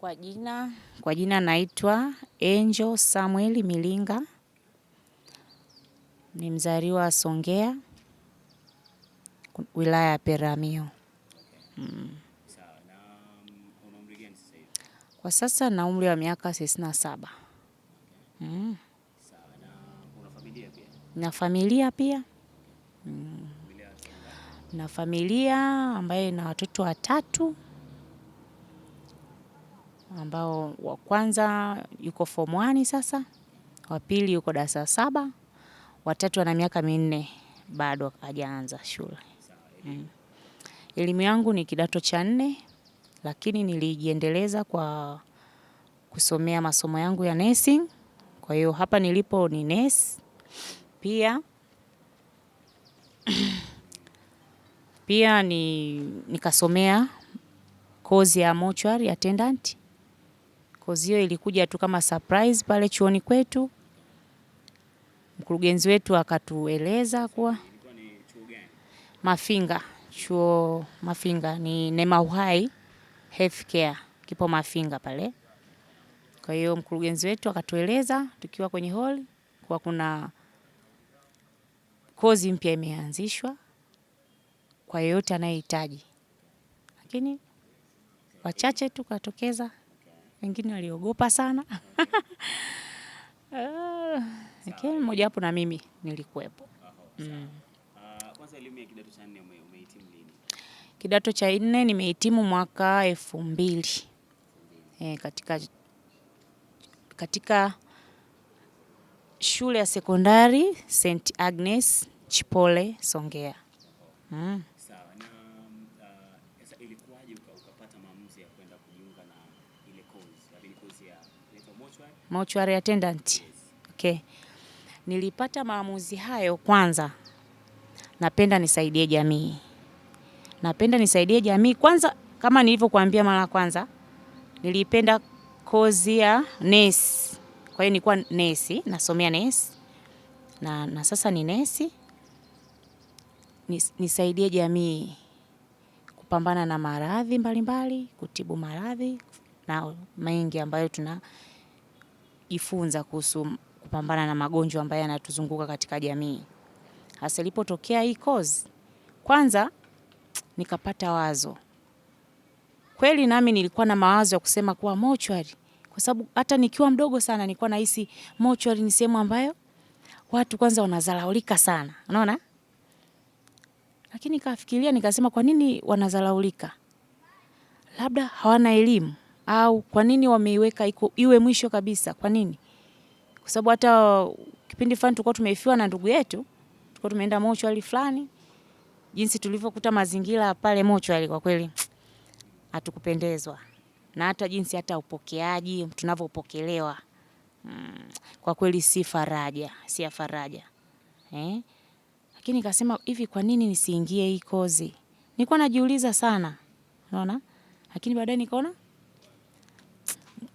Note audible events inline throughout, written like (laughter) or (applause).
Kwa jina, kwa jina naitwa Angel Samuel Milinga, ni mzaliwa Songea, wilaya ya peramio Mm. Kwa sasa na umri wa miaka 67 na Mm. Na familia pia mm. Na familia ambayo ina watoto watatu ambao wa kwanza yuko form 1 sasa, wa pili yuko darasa saba, watatu ana miaka minne bado hajaanza shule mm. Elimu yangu ni kidato cha nne, lakini nilijiendeleza kwa kusomea masomo yangu ya nursing. Kwa hiyo hapa nilipo ni nurse pia (clears throat) pia ni nikasomea kozi ya mortuary attendant hiyo ilikuja tu kama surprise pale chuoni kwetu. Mkurugenzi wetu akatueleza kuwa Mafinga, chuo Mafinga ni Nema Uhai Healthcare kipo Mafinga pale. Kwa hiyo mkurugenzi wetu akatueleza tukiwa kwenye hall kuwa kuna kozi mpya imeanzishwa kwa yeyote anayehitaji, lakini wachache tukatokeza wengine waliogopa sana uh, (laughs) ah, okay, mmoja wapo na mimi nilikuwepo. Ah, mm. Ah, kidato cha nne nimehitimu mwaka elfu mbili e, katika, katika shule ya sekondari St Agnes Chipole Songea. mm. mortuary attendant. Okay. Nilipata maamuzi hayo kwanza, napenda nisaidie jamii, napenda nisaidie jamii kwanza. Kama nilivyokuambia mara kwanza, nilipenda kozi ya nesi, kwa hiyo nilikuwa nesi, nasomea nesi na, na sasa ni nesi. nisaidie jamii kupambana na maradhi mbalimbali, kutibu maradhi na mengi ambayo tuna kujifunza kuhusu kupambana na magonjwa ambayo yanatuzunguka katika jamii. Hasa ilipotokea hii kozi, kwanza nikapata wazo kweli, nami nilikuwa na mawazo ya kusema kuwa mochwari, kwa sababu hata nikiwa mdogo sana nilikuwa nahisi mochwari ni sehemu ambayo watu kwanza wanazalaulika sana, unaona. Lakini nikafikiria nikasema, kwa nini wanazalaulika? Labda hawana elimu au kwa nini wameiweka iko iwe mwisho kabisa? Kwa nini? Kwa sababu hata kipindi fulani tulikuwa tumeifiwa na ndugu yetu, tulikuwa tumeenda mochwali fulani, jinsi tulivyokuta mazingira pale mochwali, kwa kweli hatukupendezwa na hata jinsi hata upokeaji tunavyopokelewa, mm, kwa kweli si faraja, si faraja eh? Lakini kasema hivi, kwa nini nisiingie hii kozi? Nilikuwa najiuliza sana, unaona, lakini baadaye nikaona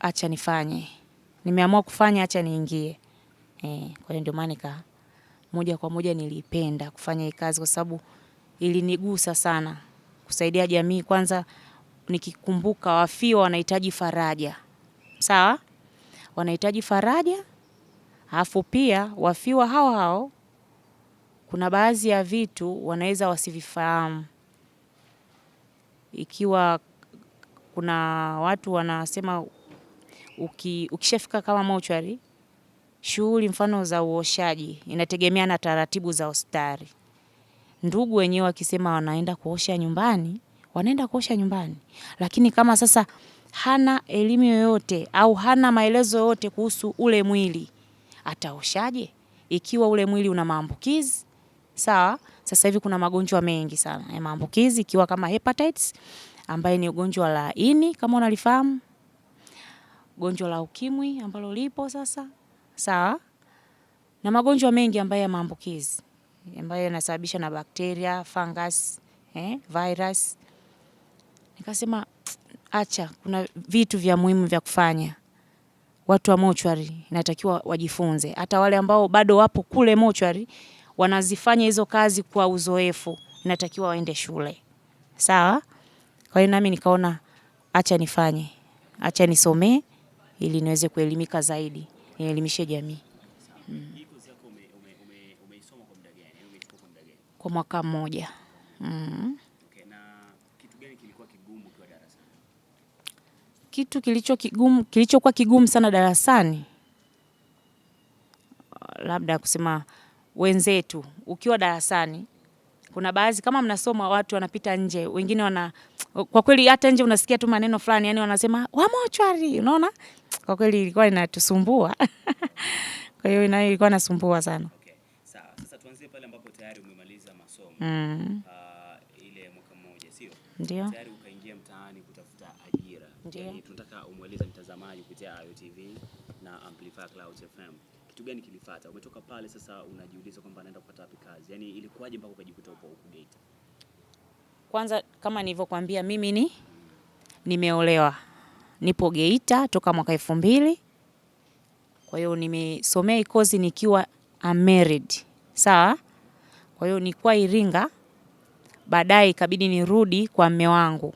acha nifanye, nimeamua kufanya, acha niingie. Eh, kwa hiyo ndio maana nika moja kwa moja nilipenda kufanya hii kazi kwa sababu ilinigusa sana, kusaidia jamii. Kwanza nikikumbuka wafiwa wanahitaji faraja, sawa, wanahitaji faraja, alafu pia wafiwa hao hao kuna baadhi ya vitu wanaweza wasivifahamu, ikiwa kuna watu wanasema uki, ukishafika kama mochwari, shughuli mfano za uoshaji inategemea na taratibu za hospitali. Ndugu wenyewe wakisema wanaenda kuosha nyumbani, wanaenda kuosha nyumbani, lakini kama sasa hana elimu yoyote au hana maelezo yoyote kuhusu ule mwili ataoshaje? Ikiwa ule mwili una maambukizi sawa. Sasa hivi kuna magonjwa mengi sana ya maambukizi, ikiwa kama hepatitis ambaye ni ugonjwa la ini kama unalifahamu gonjwa la ukimwi ambalo lipo sasa, sawa, na magonjwa mengi ambayo ya maambukizi ambayo yanasababisha na bakteria, fungus, eh, virus. Nikasema acha, kuna vitu vya muhimu vya kufanya. Watu wa mochwari inatakiwa wajifunze, hata wale ambao bado wapo kule mochwari wanazifanya hizo kazi kwa uzoefu, inatakiwa waende shule, sawa. Kwa hiyo nami nikaona acha nifanye, acha nisomee ili niweze kuelimika zaidi, nielimishe jamii mm. Kwa mwaka mmoja mm. Kitu kilicho kigumu, kilichokuwa kigumu sana darasani labda kusema wenzetu, ukiwa darasani kuna baadhi kama mnasoma watu wanapita nje, wengine wana kwa kweli hata nje unasikia tu maneno fulani, yani wanasema wa mochwari, unaona? Kwa kweli ilikuwa inatusumbua. (laughs) Kwa hiyo nayo ilikuwa nasumbua sana. Okay. Sawa. Sasa tuanzie pale ambapo tayari umemaliza masomo. Mm. Uh, ile mwaka mmoja, sio? Ndio. Tayari ukaingia mtaani kutafuta ajira. Ndio. Yaani tunataka umweleze mtazamaji kupitia AyoTV na Amplify Clouds FM kitu gani kilifuata? Umetoka pale sasa unajiuliza kwamba naenda kupata wapi kazi, yaani ilikuwaje mpaka ukajikuta upo huku Geita? Kwanza kama nilivyokuambia mimi ni nimeolewa, nipo Geita toka mwaka elfu mbili. Kwa hiyo nimesomea ikozi nikiwa unmarried, sawa. Kwa hiyo nilikuwa Iringa, baadaye ikabidi nirudi kwa mme wangu,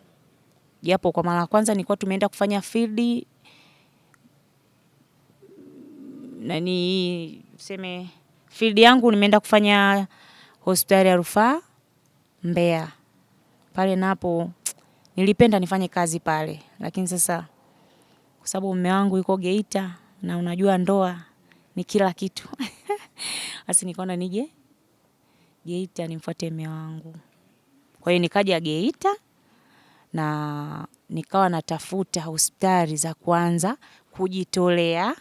japo kwa mara ya kwanza nilikuwa tumeenda kufanya field nani seme field yangu nimeenda kufanya hospitali ya rufaa Mbeya pale, napo nilipenda nifanye kazi pale, lakini sasa kwa sababu mume wangu yuko Geita na unajua ndoa ni kila kitu (laughs) basi nikaona nije Geita nimfuate mume wangu. Kwa hiyo nikaja Geita na nikawa natafuta hospitali za kwanza kujitolea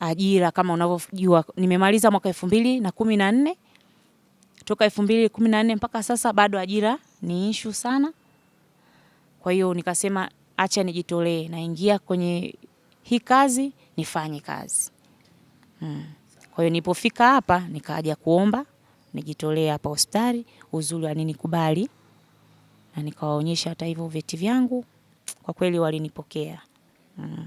ajira kama unavyojua, nimemaliza mwaka elfu mbili na kumi na nne toka elfu mbili kumi na nne mpaka sasa bado ajira ni ishu sana. Kwa hiyo nikasema acha nijitolee, naingia kwenye hii kazi nifanye kazi hmm. Kwa hiyo nilipofika hapa nikaja kuomba nijitolee hapa hospitali, uzuri kubali na nikawaonyesha hata hivyo vyeti vyangu, kwa kweli walinipokea hmm.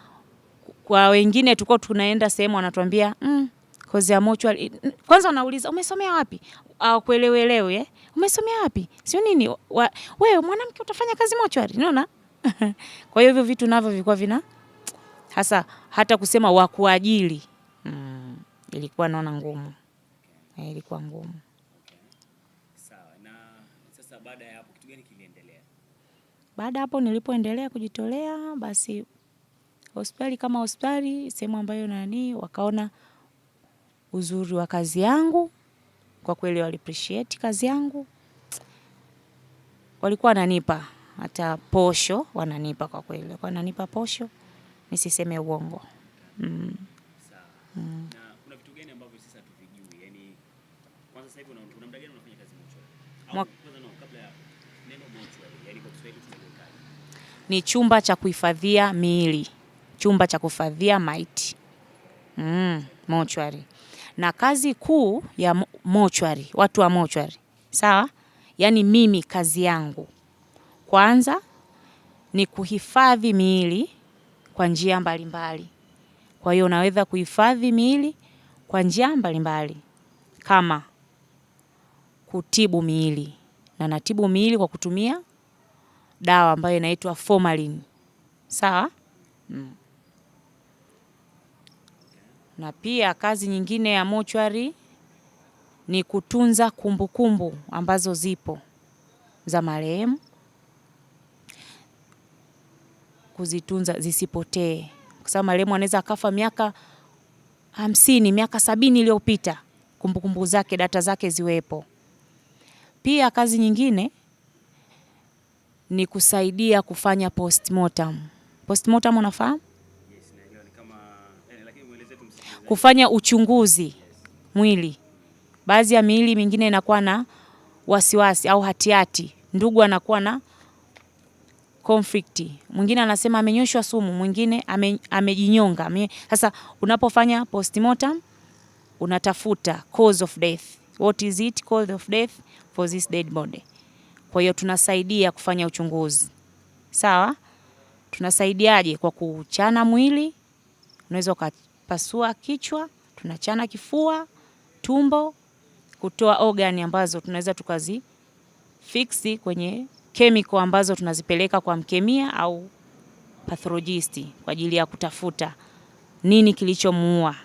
Kwa wengine tuko tunaenda sehemu wanatuambia mm, kozi ya mochwari. Kwanza wanauliza umesomea wapi? Hawakuelewelewe ah, eh? Umesomea wapi? Sio nini? Wewe mwanamke utafanya kazi mochwari, unaona? (laughs) Kwa hiyo hivyo vitu navyo vilikuwa vina hasa hata kusema wakuajili. Mm, ilikuwa naona ngumu. Eh, ilikuwa ngumu. Sawa. Na sasa baada ya hapo kitu gani kiliendelea? Baada hapo nilipoendelea kujitolea basi hospitali kama hospitali, sehemu ambayo nani wakaona uzuri wa kazi yangu. Kwa kweli wali appreciate kazi yangu, walikuwa wananipa hata posho, wananipa kwa kweli, walikuwa wananipa posho, nisiseme uongo mm. mm. Yaani, yaani ni chumba cha kuhifadhia miili chumba cha kufadhia maiti mm, mochwari. Na kazi kuu ya mochwari, watu wa mochwari, sawa, yaani mimi kazi yangu kwanza ni kuhifadhi miili kwa njia mbalimbali. Kwa hiyo unaweza kuhifadhi miili kwa njia mbalimbali kama kutibu miili, na natibu miili kwa kutumia dawa ambayo inaitwa formalin. Sawa mm na pia kazi nyingine ya mochwari ni kutunza kumbukumbu kumbu ambazo zipo za marehemu, kuzitunza zisipotee, kwa sababu marehemu anaweza akafa miaka hamsini, miaka sabini iliyopita, kumbukumbu zake, data zake ziwepo. Pia kazi nyingine ni kusaidia kufanya postmortem. Postmortem unafahamu? kufanya uchunguzi mwili. Baadhi ya miili mingine inakuwa na wasiwasi au hatihati, ndugu anakuwa na conflict, mwingine anasema amenyoshwa sumu, mwingine ame, amejinyonga. Sasa unapofanya postmortem unatafuta cause of death, what is it cause of death for this dead body. Kwa hiyo tunasaidia kufanya uchunguzi sawa. Tunasaidiaje? Kwa kuchana mwili, unaweza tunapasua kichwa, tunachana kifua, tumbo, kutoa ogani ambazo tunaweza tukazi fiksi kwenye kemiko ambazo tunazipeleka kwa mkemia au patholojisti kwa ajili ya kutafuta nini kilichomuua.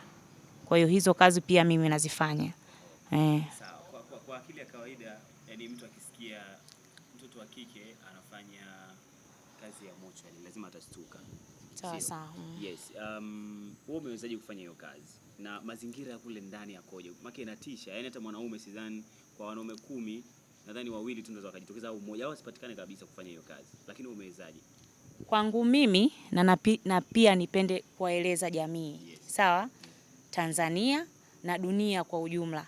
Kwa hiyo hizo kazi pia mimi nazifanya eh. Kwa, kwa, kwa akili ya kawaida yani, mtu akisikia mtoto wa kike anafanya kazi ya mochari yaani lazima atastuka sawa sawa. Mm. Yes, um, wewe umewezaje kufanya hiyo kazi na mazingira ya kule ndani yakoje? Maana inatisha, yaani hata mwanaume sidhani, kwa wanaume kumi nadhani wawili tu ndio wakajitokeza au mmoja au asipatikane kabisa kufanya hiyo kazi, lakini umewezaje? Kwangu mimi na, napi, na pia nipende kuwaeleza jamii yes. Sawa, Tanzania na dunia kwa ujumla,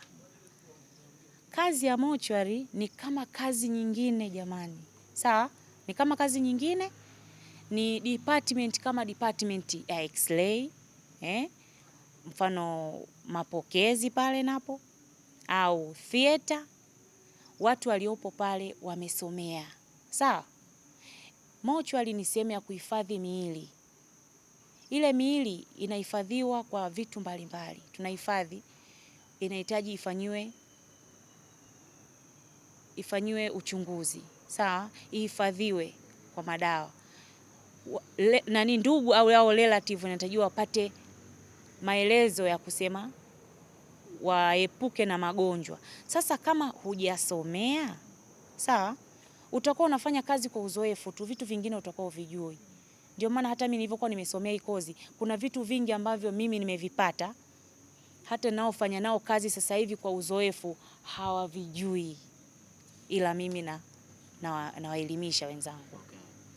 kazi ya mochwari ni kama kazi nyingine jamani, sawa, ni kama kazi nyingine ni department kama department ya x-ray eh, mfano mapokezi pale napo au theater, watu waliopo pale wamesomea sawa. Mochwali ni sehemu ya kuhifadhi miili. Ile miili inahifadhiwa kwa vitu mbalimbali, tunahifadhi, inahitaji ifanyiwe ifanyiwe uchunguzi sawa, ihifadhiwe kwa madawa le, nani ndugu au ao relative inatakiwa wapate maelezo ya kusema waepuke na magonjwa. Sasa kama hujasomea sawa, utakuwa unafanya kazi kwa uzoefu tu, vitu vingine utakuwa uvijui. Ndio maana hata mimi nilivyokuwa nimesomea hii kozi, kuna vitu vingi ambavyo mimi nimevipata hata naofanya nao kazi sasa hivi kwa uzoefu hawavijui, ila mimi na nawaelimisha na wenzangu.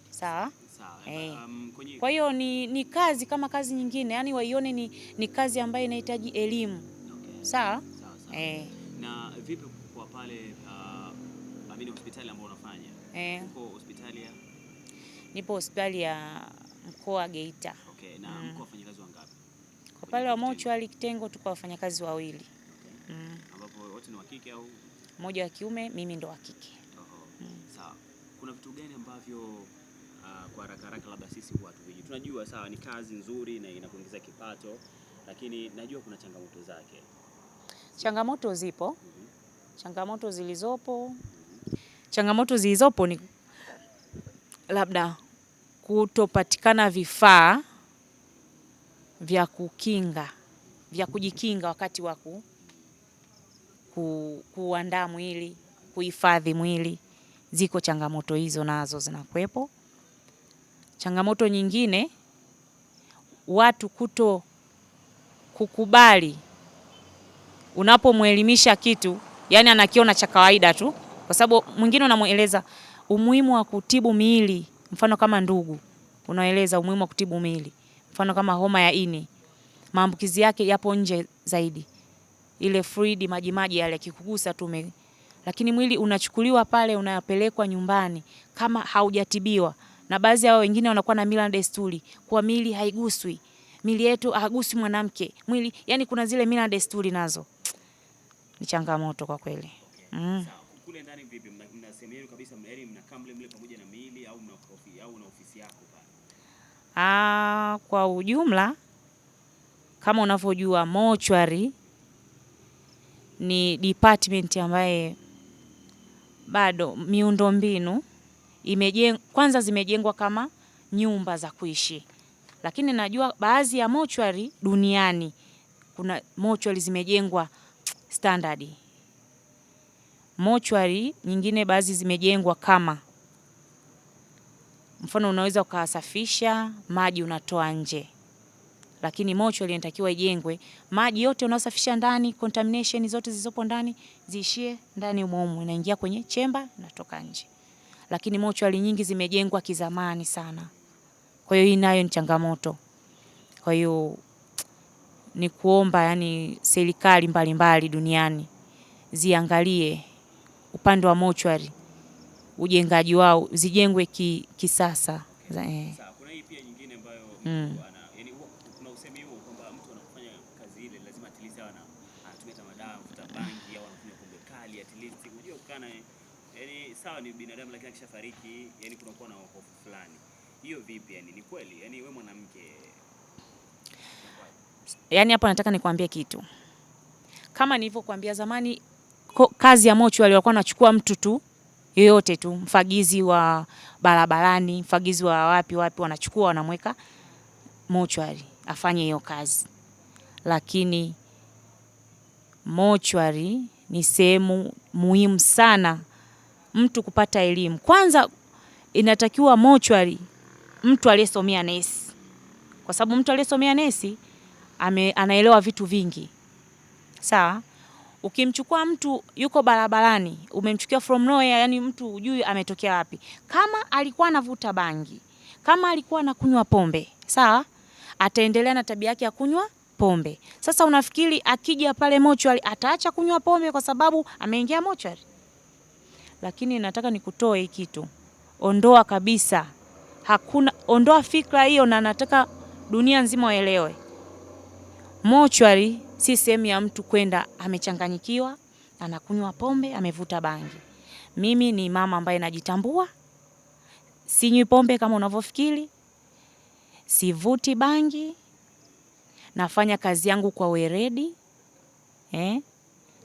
Sawa. Sawa. Eh. Um, kwenye... Kwa hiyo ni, ni kazi kama kazi nyingine, yaani waione ni, ni kazi ambayo inahitaji elimu. Okay. Sawa? Sawa, sawa. Eh. Na vipi kwa pale uh, amini hospitali ambayo unafanya? Eh. Uko hospitali ya? Nipo hospitali ya mkoa wa Geita. Okay. Na mm. mkoa wafanyakazi wangapi? Kwa pale wa mochwali kitengo tuko wafanyakazi wawili. Okay. Mm. Ambapo wote ni wa kike au mmoja wa kiume, mimi ndo wa kike. Mm. Sawa. Kuna vitu gani ambavyo uh, kwa haraka haraka labda sisi huwa hatuvijui. Tunajua sawa ni kazi nzuri na inakuingiza kipato, lakini najua kuna changamoto zake. Changamoto zipo. mm -hmm. Changamoto zilizopo. mm -hmm. Changamoto zilizopo ni labda kutopatikana vifaa vya kukinga vya kujikinga wakati wa ku, kuandaa mwili, kuhifadhi mwili. Ziko changamoto hizo nazo zinakuwepo. Changamoto nyingine watu kuto kukubali unapomwelimisha kitu, yani anakiona cha kawaida tu, kwa sababu mwingine unamweleza umuhimu wa kutibu miili, mfano kama ndugu, unaeleza umuhimu wa kutibu miili, mfano kama homa ya ini, maambukizi yake yapo nje zaidi, ile fluid maji maji yale yakikugusa tu lakini mwili unachukuliwa pale, unapelekwa nyumbani kama haujatibiwa na baadhi ya wengine wanakuwa na mila na desturi kwa mili haiguswi, mili yetu hagusi mwanamke mwili, yani kuna zile mila na desturi nazo ni changamoto kwa kweli. Mm. Kule ndani vipi, kabisa mnakaa mle mle pamoja na au mna ofisi au ofisi yako pale? Ah, kwa ujumla kama unavyojua mochwari ni department ambaye bado miundombinu imejeng, kwanza zimejengwa kama nyumba za kuishi, lakini najua baadhi ya mochwari duniani kuna mochwari zimejengwa standard, mochwari nyingine baadhi zimejengwa kama mfano, unaweza ukawasafisha maji unatoa nje lakini mochwari inatakiwa ijengwe, maji yote unaosafisha ndani, contamination zote zilizopo ndani ziishie ndani, umumu inaingia kwenye chemba, inatoka nje lakini mochwari nyingi zimejengwa kizamani sana. Kwa hiyo hii nayo ni changamoto. Kwa hiyo ni kuomba yani serikali mbalimbali duniani ziangalie upande wa mochwari ujengaji wao, zijengwe ki, kisasa. Eh. Sawa, kuna hii pia nyingine ambayo mm. sawa, ni binadamu, lakini akishafariki yani kunakuwa na hofu fulani. Hiyo vipi? Yani ni kweli, yani wewe mwanamke, yani hapa nataka nikwambie kitu kama nilivyokuambia zamani, kazi ya mochwari walikuwa wanachukua mtu tu yoyote tu, mfagizi wa barabarani, mfagizi wa wapi wapi, wanachukua wanamweka mochwari afanye hiyo kazi, lakini mochwari ni sehemu muhimu sana mtu kupata elimu. Kwanza inatakiwa mochwari mtu aliyesomea nesi, kwa sababu mtu aliyesomea nesi ame, anaelewa vitu vingi sawa. Ukimchukua mtu yuko barabarani, umemchukua from nowhere, yani mtu hujui ametokea wapi, kama alikuwa anavuta bangi, kama alikuwa anakunywa pombe sawa, ataendelea na tabia yake ya kunywa pombe. Sasa unafikiri akija pale mochwari ataacha kunywa pombe kwa sababu ameingia mochwari? lakini nataka nikutoe kitu, ondoa kabisa, hakuna ondoa fikra hiyo, na nataka dunia nzima waelewe, mochwari si sehemu ya mtu kwenda amechanganyikiwa, anakunywa pombe, amevuta bangi. Mimi ni mama ambaye najitambua, sinywi pombe kama unavyofikiri, sivuti bangi, nafanya kazi yangu kwa weredi eh?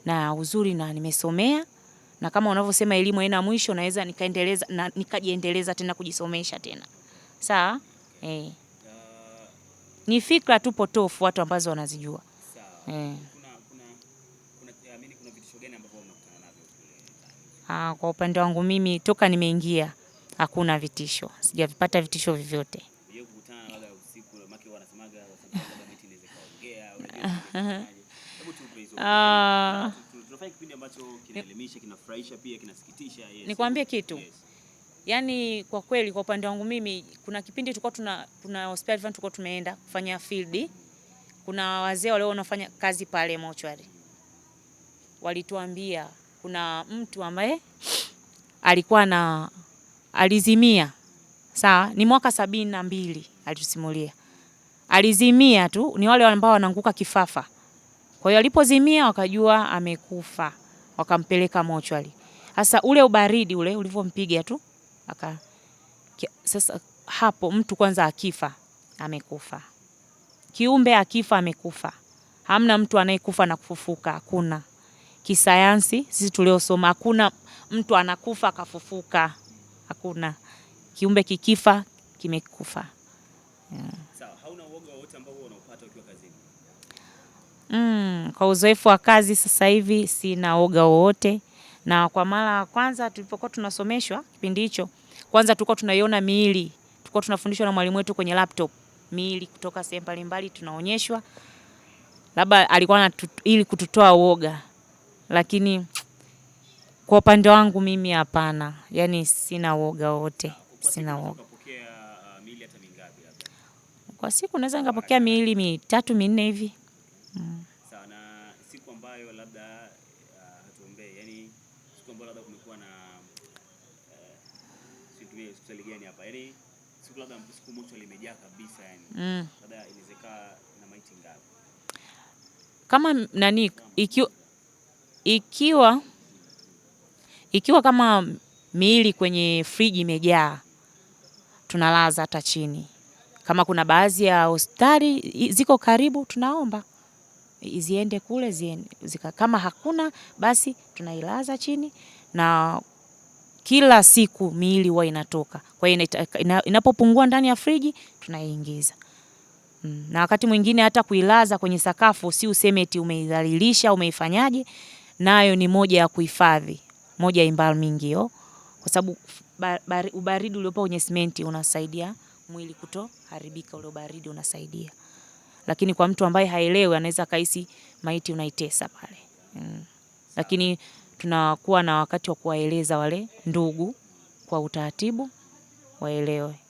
na uzuri na nimesomea na kama unavyosema elimu haina mwisho, naweza nikaendeleza na nikajiendeleza tena kujisomesha tena sawa. Eh, ni fikra tu potofu watu ambazo wanazijua eh. eh ah, kwa upande wangu mimi toka nimeingia hakuna vitisho, sijavipata vitisho vyovyote (laughs) Tunafanya kipindi ambacho kinaelimisha, kinafurahisha, pia kinasikitisha. Yes. Nikwambie kitu yes. Yaani kwa kweli kwa upande wangu mimi kuna kipindi tulikuwa tuna tuna hospitali fulani tulikuwa tumeenda kufanya field. Kuna wazee wale wanafanya kazi pale mochwari. Walituambia kuna mtu ambaye alikuwa na alizimia. Sawa, ni mwaka sabini na mbili alitusimulia. Alizimia tu ni wale ambao wanaanguka kifafa. Kwa hiyo alipozimia wakajua amekufa, wakampeleka mochwali. Sasa ule ubaridi ule ulivyompiga tu aka sasa hapo mtu kwanza akifa amekufa, kiumbe akifa amekufa. Hamna mtu anayekufa na kufufuka, hakuna. Kisayansi sisi tuliosoma, hakuna mtu anakufa akafufuka, hakuna. Kiumbe kikifa kimekufa, yeah. Sawa, hauna uoga wote ambao Mm, kwa uzoefu wa kazi sasa hivi sina woga wowote na kwa mara ya kwanza tulipokuwa tunasomeshwa kipindi hicho, kwanza tulikuwa tunaiona miili, tulikuwa tunafundishwa na mwalimu wetu kwenye laptop, miili kutoka sehemu mbalimbali tunaonyeshwa, labda alikuwa ili kututoa woga, lakini kwa upande wangu mimi hapana, yaani sina woga wote, sina uoga Kwa siku naweza nikapokea uh, miili mitatu minne hivi. nitumie hospitali gani hapa. Yaani siku labda siku mochwari limejaa kabisa yani. Mm. Labda inawezekana na maiti ngapi? Kama nani ikiwa ikiwa ikiwa kama miili kwenye friji imejaa, tunalaza hata chini. Kama kuna baadhi ya hospitali ziko karibu, tunaomba ziende kule ziende. Zika, kama hakuna basi tunailaza chini na kila siku miili huwa inatoka. Kwa hiyo inapopungua ndani ya friji tunaiingiza. Mm. Na wakati mwingine hata kuilaza kwenye sakafu si useme eti umeidhalilisha umeifanyaje, nayo ni moja ya kuhifadhi, moja ya embalming hiyo, kwa sababu ubaridi uliopo kwenye simenti unasaidia mwili kutoharibika, ule ubaridi unasaidia, lakini kwa mtu ambaye haelewi anaweza kahisi maiti unaitesa pale. Mm. Lakini tunakuwa na wakati wa kuwaeleza wale ndugu kwa utaratibu waelewe.